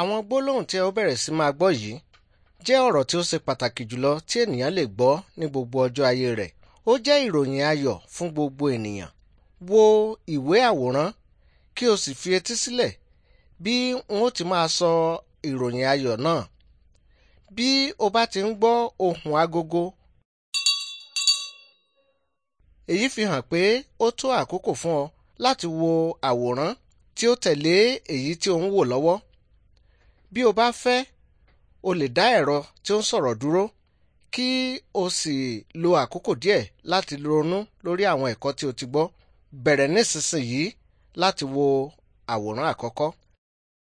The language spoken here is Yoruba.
Àwọn gbólóhùn tí ẹ ó bẹ̀rẹ̀ sí máa gbọ́ yìí jẹ́ ọ̀rọ̀ tí ó ṣe pàtàkì jùlọ tí ènìyàn lè gbọ́ ní gbogbo ọjọ́ ayé rẹ̀. Ó jẹ́ ìròyìn ayọ̀ fún gbogbo ènìyàn. Wo ìwé àwòrán kí o sì fi etí sílẹ̀ bí n ó ti máa sọ ìròyìn ayọ̀ náà. Bí o bá ti ń gbọ́ ohùn agogo, èyí fi hàn pé ó tó àkókò fún ọ láti wo àwòrán tí ó tẹ̀lé èyí tí o ń wò lọ́wọ́ bí o bá fẹ́ o lè dá ẹ̀rọ tí ó ń sọ̀rọ̀ dúró kí o sì lo àkókò díẹ̀ láti ronú lórí àwọn ẹ̀kọ́ tí o ti gbọ́ bẹ̀rẹ̀ nísinsìnyí láti wo àwòrán àkọ́kọ́.